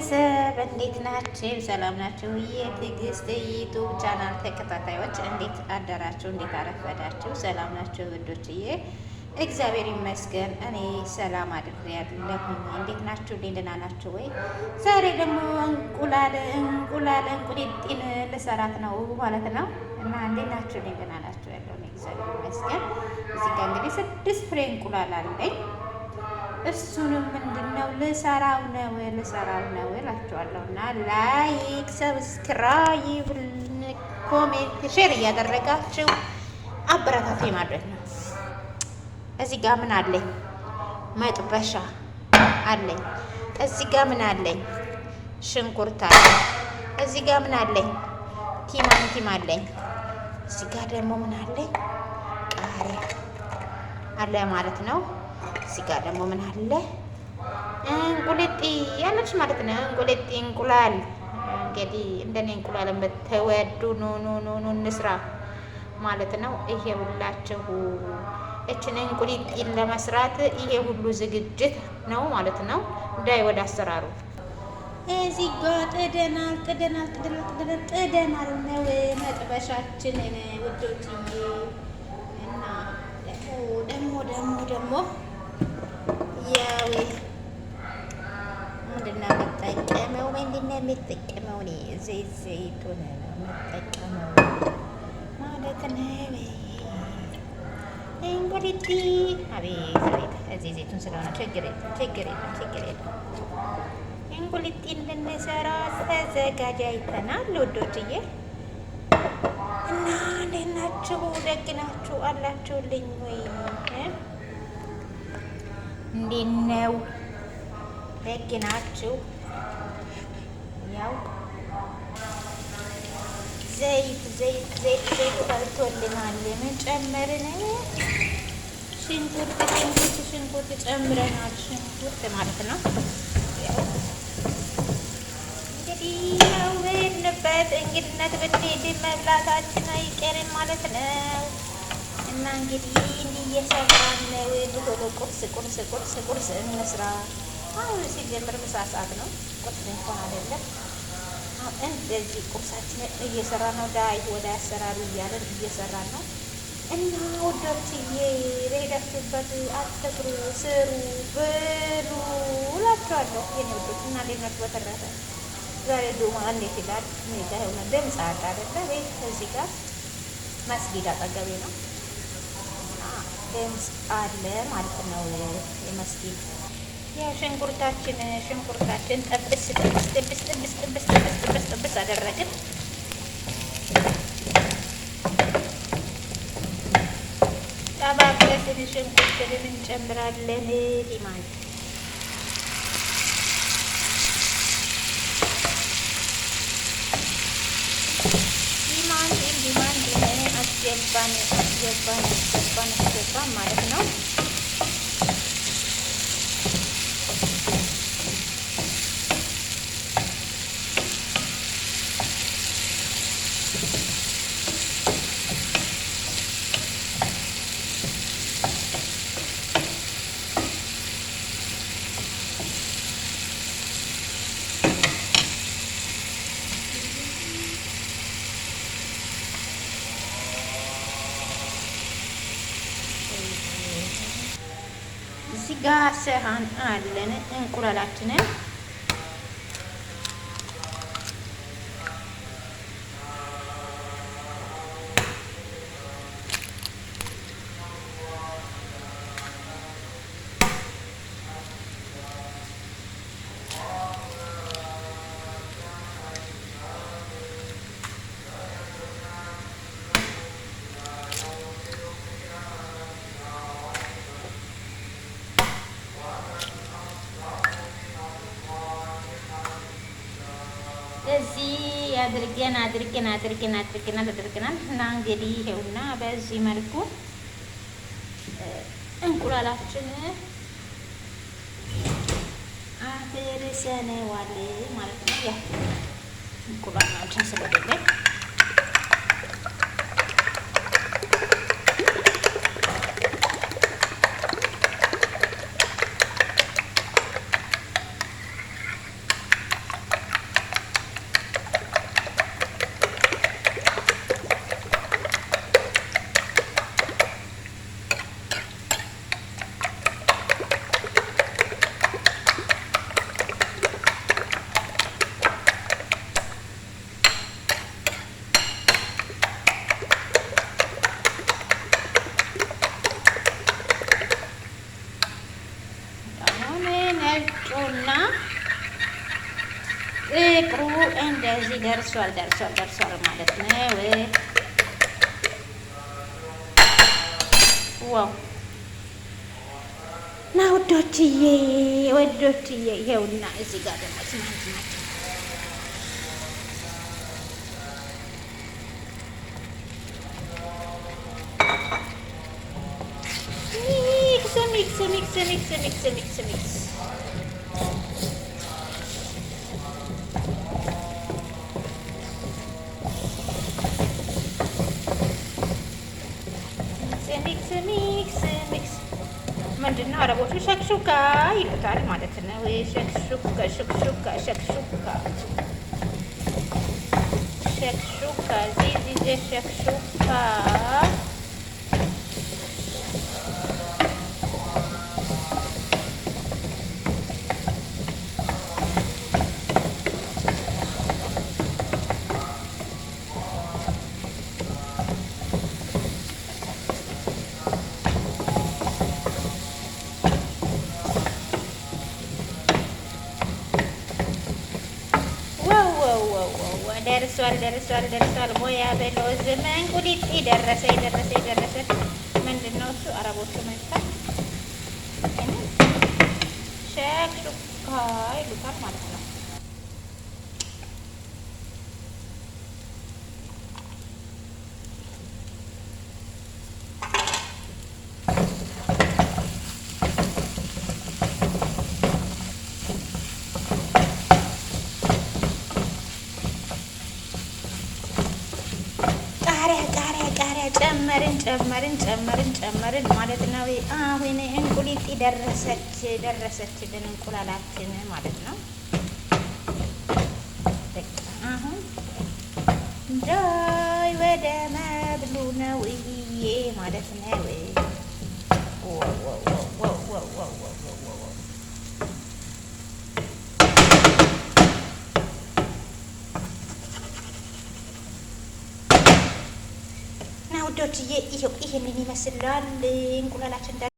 ቤተሰብ እንዴት ናችሁ? ሰላም ናችሁ? የትዕግስት ዩቱብ ቻናል ተከታታዮች እንዴት አደራችሁ? እንዴት አረፈዳችሁ? ሰላም ናችሁ ውዶችዬ? እግዚአብሔር ይመስገን እኔ ሰላም አድሬያለሁ። እንዴት ናችሁ? ደህና ናችሁ ወይ? ዛሬ ደግሞ እንቁላል እንቁላል እንቁልጤን ልሰራት ነው ማለት ነው እና እንዴት ናችሁ? ደህና ናችሁ? ያለው እግዚአብሔር ይመስገን። እዚህ ጋር እንግዲህ ስድስት ፍሬ እንቁላል አለኝ እሱንም ነው ልሰራው ነው ልሰራው ነው እላችኋለሁ። እና ላይክ፣ ሰብስክራይብ፣ ኮሜንት፣ ሼር እያደረጋችሁ አበረታቱ ማለት ነው። እዚህ ጋር ምን አለኝ? መጥበሻ አለኝ። እዚህ ጋር ምን አለኝ? ሽንኩርት አለኝ። እዚህ ጋር ምን አለኝ? ቲማቲም አለኝ። እዚህ ጋር ደግሞ ምን አለኝ? ቃሪያ አለ ማለት ነው። እዚህ ጋር ደግሞ ምን አለ? እንቁልጢ ያለች ማለት ነው። እንቁልጢ እንቁላል እንግዲህ እንደኔ እንቁላል በተወዱ ኑ ኑ ኑ ኑ እንስራ ማለት ነው። ይሄ ሁላችሁ እችን እንቁልጢን ለመስራት ይሄ ሁሉ ዝግጅት ነው ማለት ነው። እንዳይ ወደ አሰራሩ እዚህ ጋ ጥደናል ጥደናል ጥደናል ጥደናል ጥደናል ነው መጥበሻችንን ውዶችዬ እና ደግሞ ደግሞ ደግሞ ምንድነው የምጠቀመው? ምንድነው የምጠቀመው? እኔ ዘይት ዘይቱን ነው የምጠቀመው ማለት ነው። እንግዲህ አቤት አቤት፣ እዚህ ዘይቱን ስለሆነ ችግር የለም፣ ችግር የለም፣ ችግር የለም። እንቁልጢን ልንሰራ ተዘጋጅተናል ውዶችዬ እና እንዴት ናችሁ? ደግ አላችሁልኝ ወይ? እንዴት ነው? ደግ ናችሁ? ያው ዘይት ዘይት ዘይት ዘይት ፈልቶልናል። መጨመርን ሽንኩርት ሽንኩርት ሽንኩርት ጨምረናል። ሽንኩርት ማለት ነው እንግዲህ ያው እንግድነት ብትሄድ መብላታችን አይቀርም ማለት ነው እና እንግዲህ እየሰራን ነው የድሆሎ ቁርስ ቁርስ ቁርስ ቁርስ እንስራ። አሁን ሲጀምር ምሳ ሰዓት ነው፣ ቁርስ እንኳን አይደለም። እንደዚህ ቁርሳችንን እየሰራን ነው። ዳይ ወደ አሰራሩ እያለን እየሰራን ነው። እና ወዶችዬ በሄዳችሁበት አትፍሩ፣ ስሩ፣ ብሉ እላችኋለሁ። የኔ ወዶች እና እንዴት በተረፈ ዛሬ ዱማ እንዴት ይላል? እኔ የሆነ ድምፅ አቃ አደለ ቤት እዚህ ጋር መስጊድ አጠገቤ ነው አለ ማለት ነው። የመስጊድ የሽንኩርታችን ሽንኩርታችን ጥብስ ጥብስ ጥብስ ጥብስ ጥብስ ጥብስ ጥብስ ጥብስ አደረግን። ጠባብለትን ሽንኩርትንም እንጨምራለን ማለት ነው። ዲማንድ ዲማንድ አስገባን አስገባን በጣም ማለት ነው። ጋር ሰሃን አለን እንቁላላችንን እዚህ አድርገን አድርገን አድርገን አድርገናል አድርገናል እና እንግዲህ ይሄውና በዚህ መልኩ እንቁላላችን አፍርሰነዋል ማለት ነው። ያው እንቁላላችን ስለሌለን አሁን ነጩና ጥቁሩ እንደዚህ ደርሷል ደርሷል ደርሷል ማለት ነው። ዋው ና ወዶችዬ ወዶችዬ፣ ይኸውና እዚህ ጋር ደግሞ Mixy, mixy, mixy, mixy, mixy. ምንድን ነው አረቦቹ ሸክሹካ ይሉታል ማለት ነው። ሸክሹካ ሸክሹካ ሸክሹካ ሸክሹካ ዚዚ ሸክሹካ ደርሷል ደርሷል ደርሷል። ሞያ በለው ዘመን ቁሊጢ ደረሰ ደረሰ ደረሰ። ምንድን ነው እሱ? አረቦቹ መጥተው ሸክሹካ ይሉታል ማለት ነው። ጨመርን ጨመርን ጨመርን ማለት ነው። አሁን እንቁሊጥ ደረሰች ደረሰችልን እንቁላላችን ማለት ነው። አሁን ዳይ ወደ መብሉ ነው ይሄ ማለት ነው። ውዶችዬ ይሄው ይሄንን ይመስላል እንቁላላችን